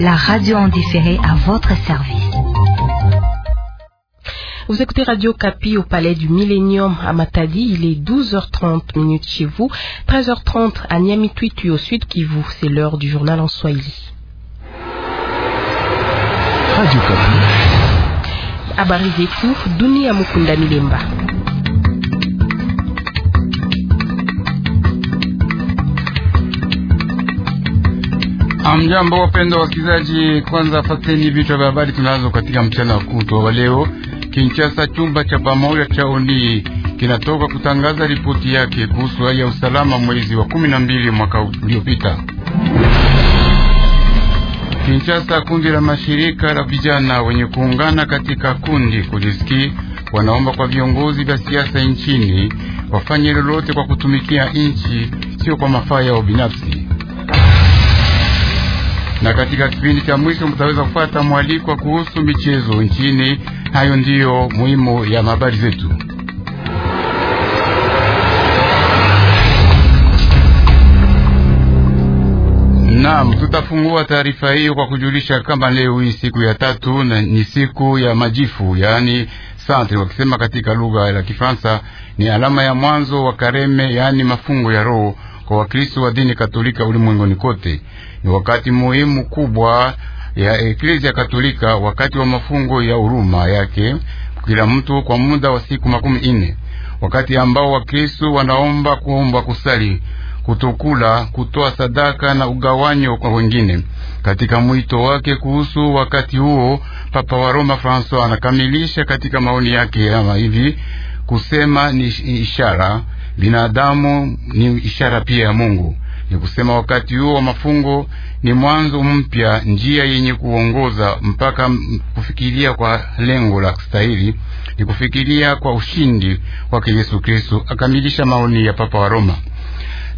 la radio en différé à votre service. Vous écoutez Radio Capi au Palais du Millénium à Matadi. Il est 12h30 minutes chez vous, 13h30 à Niamituitu au sud vous. C'est l'heure du journal en Swahili. Radio Capi. Habari Dunia Mukunda Amjambo, wapendwa wasikilizaji, kwanza fateni vichwa vya habari tunazo katika mchana wa kutwa wa leo. Kinshasa, chumba cha pamoja cha ONI kinatoka kutangaza ripoti yake kuhusu hali ya usalama mwezi wa kumi na mbili mwaka uliopita. Kinshasa, kundi la mashirika la vijana wenye kuungana katika kundi kujisiki wanaomba kwa viongozi vya siasa nchini wafanye lolote kwa kutumikia nchi, sio kwa mafaa yao binafsi na katika kipindi cha mwisho mtaweza kupata mwalikwa kuhusu michezo nchini. Hayo ndiyo muhimu ya habari zetu. Naam, tutafungua taarifa hiyo kwa kujulisha kama leo hii siku ya tatu na ni siku ya majifu, yaani sante wakisema katika lugha ya Kifaransa, ni alama ya mwanzo wa kareme, yaani mafungo ya roho kwa Wakristo wa dini Katolika ulimwenguni kote ni wakati muhimu kubwa ya Eklezia Katolika wakati wa mafungo ya huruma yake kila mtu kwa muda wa siku makumi ine, wakati ambao Wakristo wanaomba kuomba, kusali, kutokula, kutoa sadaka na ugawanyo kwa wengine. Katika mwito wake kuhusu wakati huo, Papa wa Roma Francois anakamilisha katika maoni yake ama hivi kusema, ni ishara binadamu, ni ishara pia ya Mungu ni kusema wakati huo wa mafungo ni mwanzo mpya, njia yenye kuongoza mpaka kufikiria kwa lengo la kustahili, ni kufikiria kwa ushindi wake Yesu Kristo. Akamilisha maoni ya Papa wa Roma.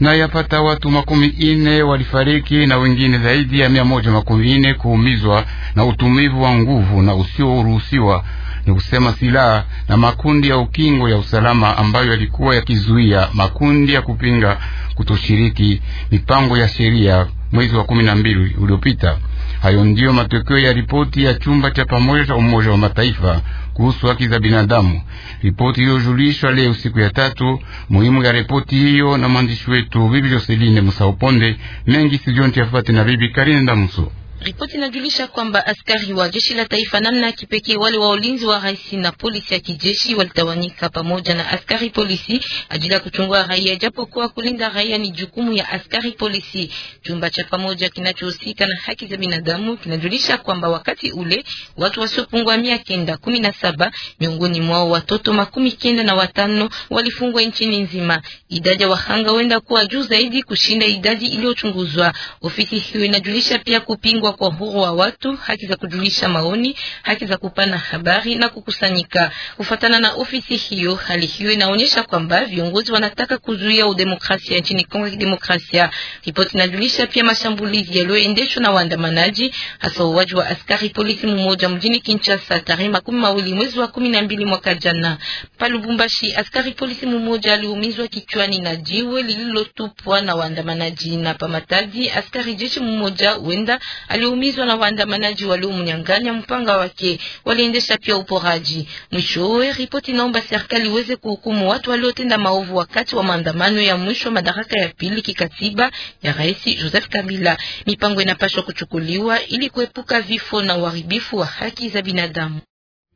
Na yapata watu makumi ine walifariki na wengine zaidi ya mia moja makumi ine kuumizwa na utumivu wa nguvu na usioruhusiwa ni kusema silaha na makundi ya ukingo ya usalama ambayo yalikuwa yakizuia makundi ya kupinga kutoshiriki mipango ya sheria mwezi wa kumi na mbili uliopita. Hayo ndiyo matokeo ya ripoti ya chumba cha pamoja cha Umoja wa Mataifa kuhusu haki za binadamu, ripoti iliyojulishwa leo siku ya tatu. Muhimu ya ripoti hiyo na mwandishi wetu Bibi Joseline Musaoponde mengi sijonti afati na Bibi Karine ndamuso Ripoti inajulisha kwamba askari wa jeshi la taifa namna ya kipekee wale wa ulinzi wa rais na polisi ya kijeshi walitawanyika pamoja na askari polisi ajili ya kuchungua raia, japokuwa kulinda raia ni jukumu ya askari polisi. Chumba cha pamoja kinachohusika na haki za binadamu kinajulisha kwamba wakati ule watu wasiopungua mia kenda kumi na saba miongoni mwao watoto makumi kenda na watano walifungwa nchini nzima. Idadi ya wahanga huenda kuwa juu zaidi kushinda idadi iliyochunguzwa. Ofisi hiyo inajulisha pia kupingwa kuwa kwa uhuru wa watu, haki za kujulisha maoni, haki za kupana habari na kukusanyika. Kufuatana na ofisi hiyo, hali hiyo inaonyesha kwamba viongozi wanataka kuzuia udemokrasia nchini Kongo ya Kidemokrasia. Ripoti inajulisha pia mashambulizi yaliyoendeshwa na waandamanaji, hasa uwaji wa askari polisi mmoja mjini Kinshasa tarehe makumi mawili mwezi wa kumi na mbili mwaka jana. Pa Lubumbashi, askari polisi mmoja aliumizwa kichwani na jiwe lililotupwa na waandamanaji, na pamatadi askari jeshi mmoja wenda aliumizwa na waandamanaji waliomnyang'anya mpanga wake, waliendesha pia uporaji. Mwishowe, ripoti inaomba serikali iweze kuhukumu watu waliotenda maovu wakati wa maandamano ya mwisho wa madaraka ya pili kikatiba ya Rais Joseph Kabila. Mipango inapaswa kuchukuliwa ili kuepuka vifo na uharibifu wa haki za binadamu.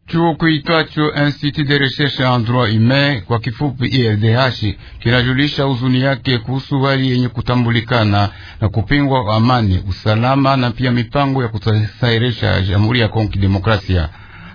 Chuo kuitwacho Institut de Recherche en Droit Humain, kwa kifupi IRDH, e kinajulisha huzuni yake kuhusu hali yenye kutambulikana na kupingwa amani, usalama na pia mipango ya kusahiresha Jamhuri ya Kongo Kidemokrasia.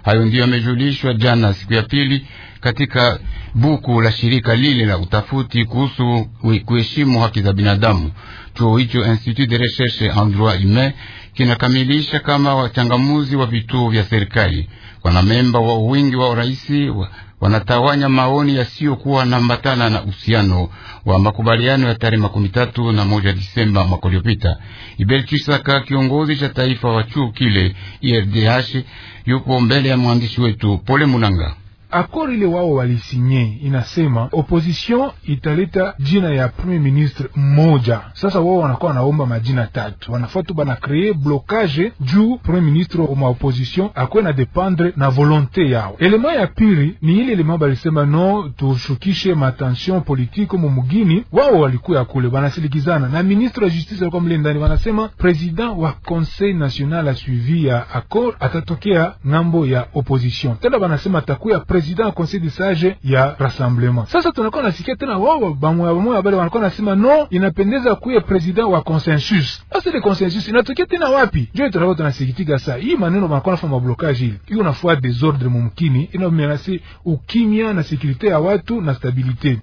Hayo ndiyo yamejulishwa jana siku ya pili katika buku la shirika lile la utafuti kuhusu kuheshimu haki za binadamu. Chuo hicho Institut de Recherche en Droit Humain kinakamilisha kama wachangamuzi wa vituo vya serikali. Wanamemba wa wingi wa raisi wa, wanatawanya maoni yasiyokuwa nambatana na uhusiano wa makubaliano ya tarehe makumi tatu na moja Disemba mwaka uliopita. Iberi Chisaka, kiongozi cha taifa wa chuo kile IRDH, yupo mbele ya mwandishi wetu Pole Munanga. Akori ile wao walisinye inasema opposition italeta jina ya premier ministre moja. Sasa wao wanakuwa wanaomba majina tatu, wanafuatu bana kree blokage juu premier ministre wa opposition akwe na dependre na volonte yao. Elema ya pili ni ile elema balisema no tushukishe matension politike mumugini. Wao walikuya kule banasilikizana na ministre ya justice alikuwa mle ndani, wanasema president wa conseil national ya suivi ya akor atatokea ng'ambo ya opposition, tena banasema atakuya president ya conseil de sage ya rassemblement. Sasa tunakuwa nasikia tena wao bamoya bamoya bale wanakuwa nasema no, inapendeza kuye president wa consensus. Sasa ile consensus inatokea tena wapi? Ndio tunakuwa tunasikitika sasa. hii maneno wanakuwa nafanya mablokage ile hiyo nafua desordre mumkini ina inamenasi ukimya na sécurité ya watu na stabilité.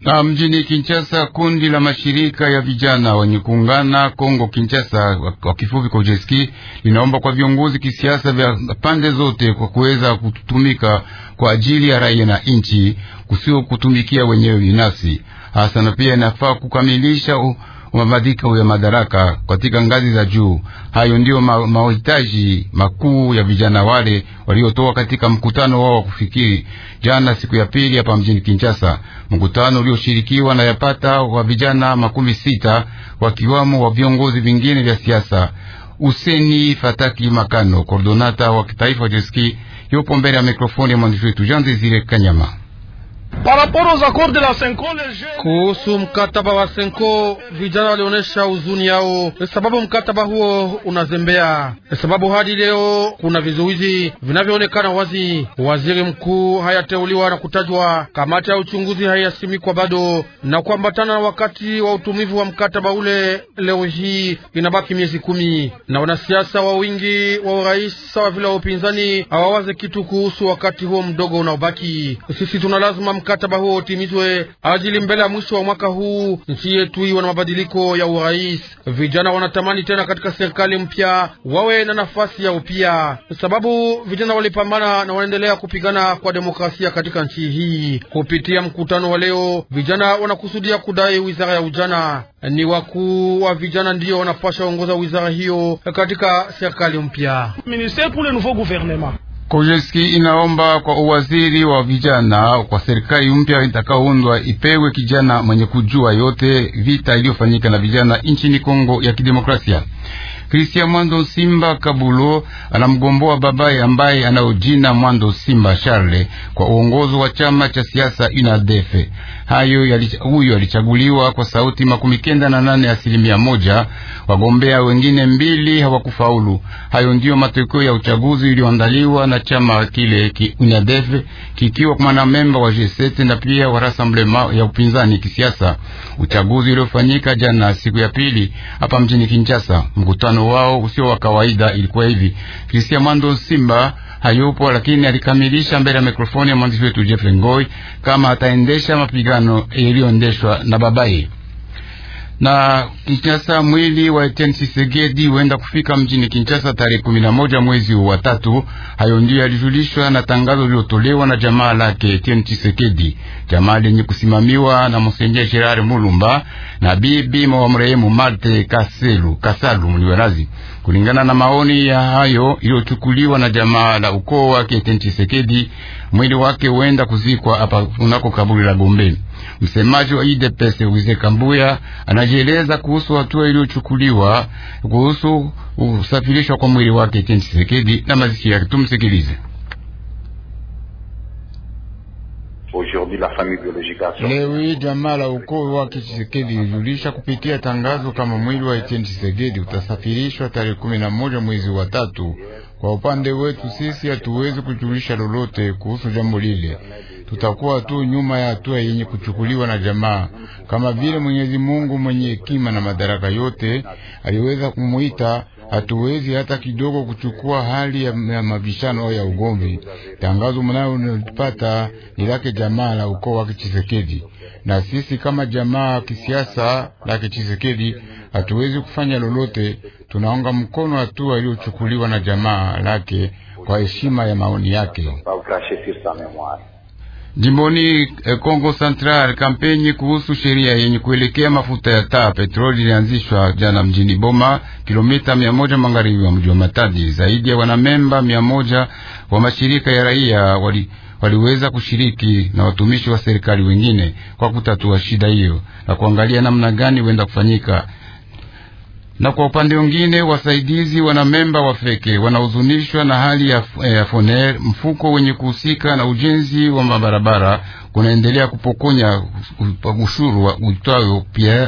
Na mjini Kinshasa kundi la mashirika ya vijana wenye kuungana Kongo Kinshasa, kwa kifupi ujeski linaomba kwa viongozi kisiasa vya pande zote kwa kuweza kutumika kwa ajili ya raia na nchi, kusio kutumikia wenyewe binafsi hasa, na pia inafaa kukamilisha u wamavadika ya madaraka katika ngazi za juu. Hayo ndiyo ma mahitaji makuu ya vijana wale waliotoa katika mkutano wao wa kufikiri jana, siku ya pili hapa mjini Kinshasa, mkutano ulioshirikiwa na yapata wa vijana makumi sita wakiwamo wa viongozi vingine vya siasa. Useni Fataki Makano, kordonata wa kitaifa Jeski, yupo mbele ya mikrofoni ya mwandishi wetu Jean Desire Kanyama. Kuhusu mkataba wa Senko, vijana walionyesha huzuni yao sababu mkataba huo unazembea, sababu hadi leo kuna vizuizi vinavyoonekana wazi. Waziri mkuu hayateuliwa na kutajwa, kamati ya uchunguzi hayasimikwa bado, na kuambatana wakati wa utumivu wa mkataba ule, leo hii inabaki miezi kumi, na wanasiasa wa wingi wa urais sawa vile wa upinzani hawawaze kitu kuhusu wakati huo mdogo unaobaki. Sisi tuna lazima mkataba huo utimizwe ajili mbele ya mwisho wa mwaka huu nchi yetu iwe na mabadiliko ya urais. Vijana wanatamani tena katika serikali mpya wawe na nafasi yao pia, sababu vijana walipambana na wanaendelea kupigana kwa demokrasia katika nchi hii. Kupitia mkutano wa leo, vijana wanakusudia kudai wizara ya ujana. Ni wakuu wa vijana ndiyo wanapasha ongoza wizara hiyo katika serikali mpya. Kojeski inaomba kwa uwaziri wa vijana kwa serikali mpya itakaoundwa ipewe kijana mwenye kujua yote vita iliyofanyika na vijana nchini Kongo ya Kidemokrasia. Christian Mwando Simba Kabulo anamgomboa babaye ambaye anaojina Mwando Simba Charles kwa uongozo wa chama cha siasa inadefe. Hayo huyo alichaguliwa kwa sauti makumi kenda na nane asilimia moja. Wagombea wengine mbili hawakufaulu. Hayo ndiyo matokeo ya uchaguzi ulioandaliwa na chama kile ki inadefe kikiwa kwa memba wa G7 na pia wa Rassemblement ya upinzani kisiasa. Uchaguzi uliofanyika jana siku ya pili hapa mjini Kinshasa mkutano mkutano wao usio wa kawaida. Ilikuwa hivi, Christian Mwando Simba hayupo lakini alikamilisha mbele ya mikrofoni ya mwandishi wetu Jeffrey Ngoi kama ataendesha mapigano yaliyoendeshwa na babaye na Kinshasa. Mwili wa Etienne Tshisekedi huenda kufika mjini Kinshasa tarehe kumi na moja mwezi wa tatu. Hayo ndiyo yalijulishwa na tangazo lililotolewa na jamaa lake Etienne Tshisekedi, jamaa lenye kusimamiwa na Monseigneur Gerard Mulumba na bibi wa marehemu Marthe Kaselu Kasalu Mliwerazi. Kulingana na maoni ya hayo iliyochukuliwa na jamaa la ukoo wake Etienne Tshisekedi, mwili wake huenda kuzikwa hapa kunako kaburi la Gombeni. Msemaji wa UDPS Wize Kambuya anajieleza kuhusu hatua iliyochukuliwa kuhusu usafirishwa kwa mwili wake Etienne Tshisekedi na mazishi yake. Tumsikilize. Leo hii jamaa la ukoo wake Chisekedi ilijulisha kupitia tangazo kama mwili wa Etienne Chisekedi utasafirishwa tarehe kumi na moja mwezi wa tatu kwa upande wetu sisi hatuwezi kujulisha lolote kuhusu jambo lile, tutakuwa tu nyuma ya hatua yenye kuchukuliwa na jamaa, kama vile Mwenyezi Mungu mwenye hekima na madaraka yote aliweza kumuita. Hatuwezi hata kidogo kuchukua hali ya mabishano ya ugomvi. Tangazo unalipata ni lake jamaa la ukoo wa Kichisekedi, na sisi kama jamaa kisiasa la Kichisekedi hatuwezi kufanya lolote. Tunaunga mkono hatua iliyochukuliwa na jamaa lake kwa heshima ya maoni yake. Jimboni eh, Kongo Central, kampeni kuhusu sheria yenye kuelekea mafuta ya taa petroli ilianzishwa jana mjini Boma, kilomita mia moja magharibi wa mji wa Matadi. Zaidi ya wanamemba mia moja wa mashirika ya raia wali waliweza kushiriki na watumishi wa serikali wengine kwa kutatua shida hiyo na kuangalia namna gani huenda kufanyika na kwa upande mwingine wasaidizi wana memba wa feke wanahuzunishwa na hali ya, e ya Foner, mfuko wenye kuhusika na ujenzi wa mabarabara kunaendelea kupokonya ushuru wa uitwayo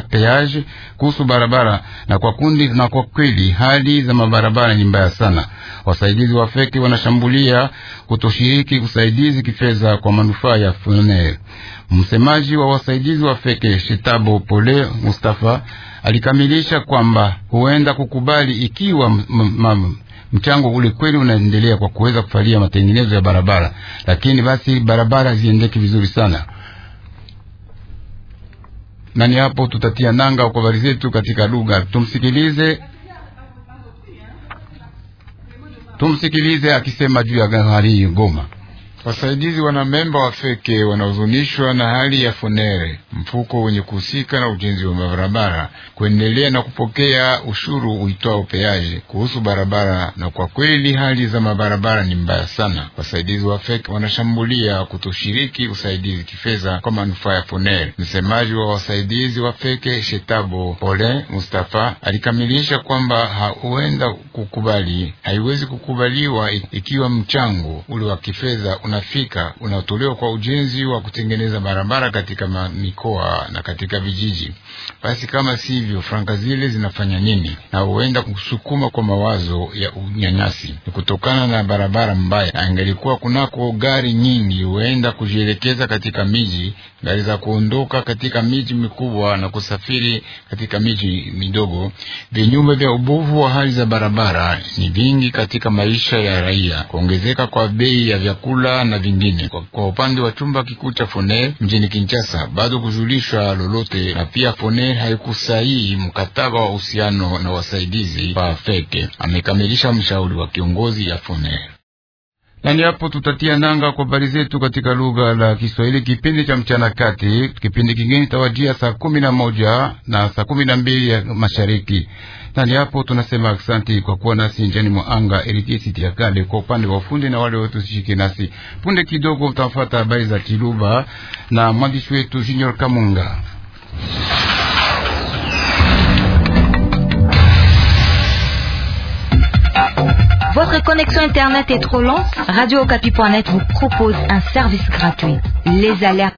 peage kuhusu barabara na kwa kundi, na kwa kweli hali za mabarabara ni mbaya sana. Wasaidizi wa feki wanashambulia kutoshiriki usaidizi kifedha kwa manufaa ya FNL. Msemaji wa wasaidizi wa feke Shitabo Pole Mustafa alikamilisha kwamba huenda kukubali ikiwa mchango ule kweli unaendelea kwa kuweza kufalia matengenezo ya barabara, lakini basi barabara ziendeke vizuri sana nani hapo, tutatia nanga kwa habari zetu katika lugha. Tumsikilize, tumsikilize akisema juu ya gari Goma. Wasaidizi wanamemba wa feke wanahuzunishwa na hali ya Fonere, mfuko wenye kuhusika na ujenzi wa barabara, kuendelea na kupokea ushuru uitwao peaje kuhusu barabara, na kwa kweli hali za mabarabara ni mbaya sana. Wasaidizi wa feke wanashambulia kutoshiriki usaidizi kifedha kwa manufaa ya Fonere. Msemaji wa wasaidizi wa feke Shetabo Ole Mustafa alikamilisha kwamba hauenda kukubali, haiwezi kukubaliwa ikiwa mchango ule wa kifedha unafika unatolewa kwa ujenzi wa kutengeneza barabara katika mikoa na katika vijiji. Basi kama sivyo, franka zile zinafanya nini? Na huenda kusukuma kwa mawazo ya unyanyasi ni kutokana na barabara mbaya, na angelikuwa kunako gari nyingi huenda kujielekeza katika miji gari za kuondoka katika miji mikubwa na kusafiri katika miji midogo. Vinyume vya ubovu wa hali za barabara ni vingi katika maisha ya raia, kuongezeka kwa bei ya vyakula na vingine. Kwa, kwa upande wa chumba kikuu cha Fone mjini Kinshasa bado kujulishwa lolote, na pia Fone haikusaini mkataba wa uhusiano na wasaidizi pa Feke, amekamilisha mshauri wa kiongozi ya Fone nani hapo tutatia nanga kwa habari zetu katika lugha la Kiswahili kipindi cha mchana kati. Kipindi kingine tawajia saa kumi na moja na saa kumi na mbili ya mashariki, nani hapo tunasema aksanti kwa kuwa nasi njani mwanga electricity ya kale kwa upande wa ufundi na wale wote usishike nasi. Punde kidogo mtafuata habari za Kiluba na mwandishi wetu Junior Kamunga. Votre connexion Internet est trop lente Radio vous propose un service gratuit. Les alertes.